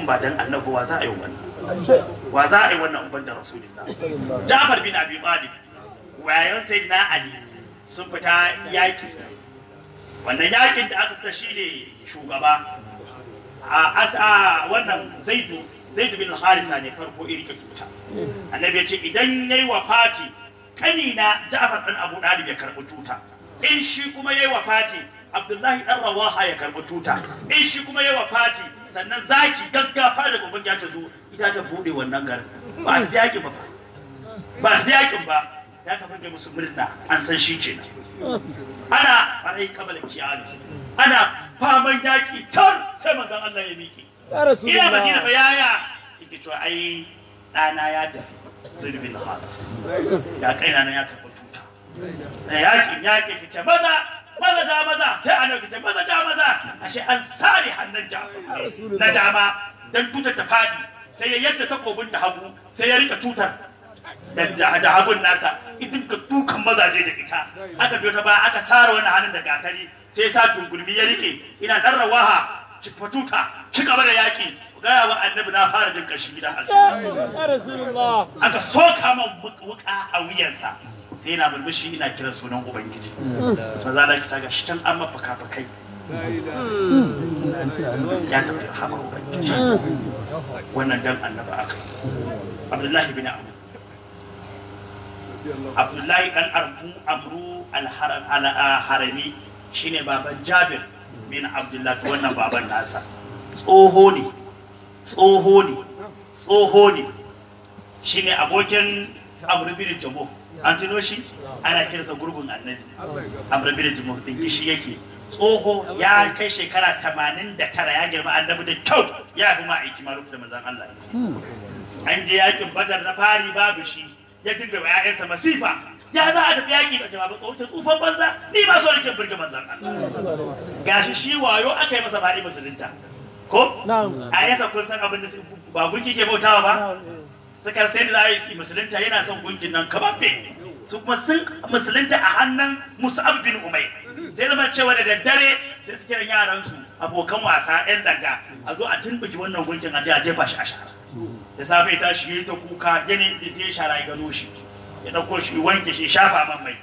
in ba dan annabi wa za a yi wannan wa za a yi wannan umban da rasulullah Ja'far bin Abi Talib wayan sayyidina Ali sun fita yaki wannan yakin da aka fita shine shugaba a as'a wannan zaidu zaidu bin harisa ne farko iri ka tuta annabi ya ce idan yayi Fati, kanina Ja'far dan Abu Talib ya karbi tuta in shi kuma yayi Fati. abdullahi dan rawaha ya karbi tuta in shi kuma yawa fati sannan zaki gaggafa da babban ya ta zo ita ta bude wannan garin ba a yakin ba ba a yakin ba sai ka fage musu murna an san shi kenan ana farai kamar kiyami ana faman yaki tar sai manzon Allah ya miki ina madina ba yaya yake cewa ai ɗana ya tafi zulbil hat ya kaina na ya karbi tuta yakin yakin kike maza sai sai annabi ta maza ja maza ashe an sare hannun ja'far na dama dan tutar ta fadi sai ya yadda takobin da hagu sai ya rika tutar da hagun nasa idan ka dukan mazaje da ita aka biyo ta baya aka sare wani hannun da gatari sai ya sa dungulmi ya rike ina dan rawaha fatuta ci gaba da yaƙi gaya wa annabi na fara jin kashi da hannu. aka soka man wuka a wuyansa sai na murmushi ina kiran sunan ubangiji sai za ki taga shi can an mafaka kai ya tafi hama ubangiji wannan dan annaba aka abdullahi bin abu abdullahi dan arbu amru al-harami ah, shine baban jabir bin abdullahi wannan baban nasa tsoho ne tsoho ne tsoho ne shine abokin abu bin jabo an tuno shi ana kiransa gurgun annabi amrabi da jumu'udin kishi yake tsoho ya kai shekara tamanin tara ya girma annabi da kyau ya fi aiki maruf da mazan Allah an je yakin badar na fari babu shi ya dinga wa ƴaƴansa masifa ya za a tafi yaƙi ba jama'a ba tsohon tsufan banza ni ba so nake burge manzan Allah gashi shi wayo aka yi masa fari musulunta ko a yasa kun san abin da ba gunki ke bautawa ba suka sai da zai a musulunta yana son gunkin nan kababbe su kuma sun musulunta a hannun musa'ab bin umai sai zama cewa da daddare sai su kiran yaran su abokan wasa yan daga a zo a tumbuki wannan gunkin a jaje jefa shi a shara da safe ta shi ta kuka gani da ke shara ya gano shi ya dauko shi wanke shi shafa man mai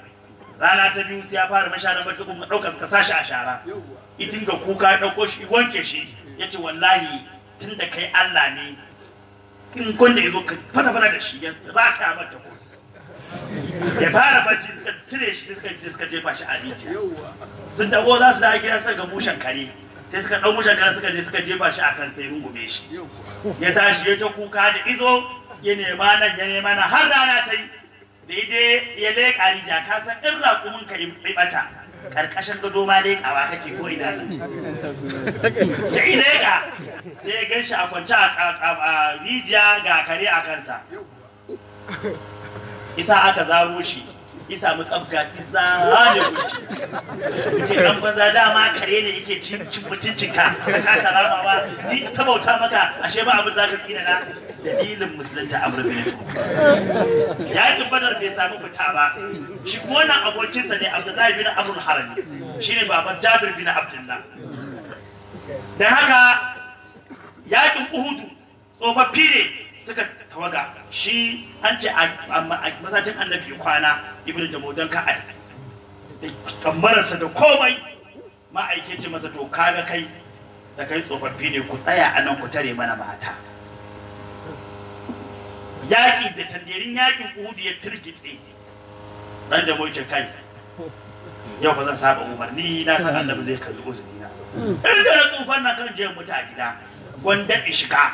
rana ta biyu sai ya fara mashara mace kuma ɗaukar ka sashi a shara idin ga kuka ya ɗauko shi wanke shi ya wallahi tun da kai Allah ne in gwanda ya zo ka fata fata da shi ya rata mata ko ya fara bacci suka cire shi suka je suka jefa shi a rijiya sun dago za su da gida suka ga mushen kare sai suka dau mushen kare suka je suka jefa shi akan sai rungume shi ya tashi ya ta kuka da izo ya nema nan ya nema nan har rana ta yi da ya je ya leƙa rijiya ka san in raƙumin ka yi bata karkashin gado ma dai kawa kake ko ina nan Sai ina ka sai gan shi a kwance a rijiya ga kare a kansa isa aka zaro shi isa mu tsabga isa ne ku ke dan banza dama kare ne yake cin cin ka ka kasa rama ba ni ta bauta maka ashe ba abin zaka tsina na dalilin musulunta a bin ya yi badar bai samu fita ba shi kuma wannan abokinsa ne abdullahi bin abu harami shine babar jabir bin abdullah Da haka yakin uhudu tsofaffi ne suka tawaga shi an ce a masajin annabi kwana ibnu ka ka'ad da kambararsa da komai ma'aikaci masa to kaga kai da kai tsofaffi ne ku tsaya a nan ku tare mana mata yaƙi da tanderin yaƙin uhudu ya turgitse Ran jamo kai yau ba zan saba umarni na san annabi zai kalli uzuri na mm. inda na tsufan na kan jiyan mutu gida gwanda shiga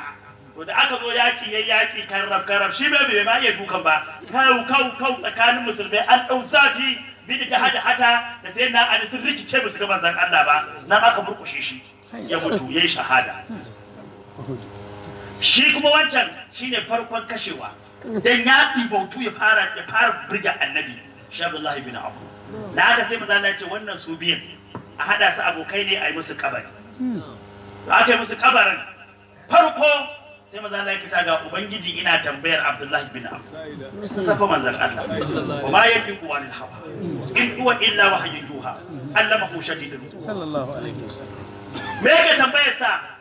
to da aka zo yaƙi ya yaƙi kan rab shi bai bai ma iya dukan ba kau kau kau tsakanin musulmai an ɗau zafi bi da hada hata da sai na ali sun rikice musu ga manzon Allah ba na aka burkushe shi ya mutu yayi shahada shi kuma wancan shine farkon kashewa dan ya bautu ya fara ya fara burga annabi shi Abdullah ibn Abu da haka sai maza Allah ce wannan su biyan a haɗa su abokai ne a yi musu kabari da aka yi musu kabarin farko sai maza na ya kita ga ubangiji ina tambayar Abdullahi ibn Abu safa manzon Allah wa ma yantiqu anil hawa in huwa illa wahyun yuha allamahu shadidul sallallahu alaihi wasallam me yake tambayar sa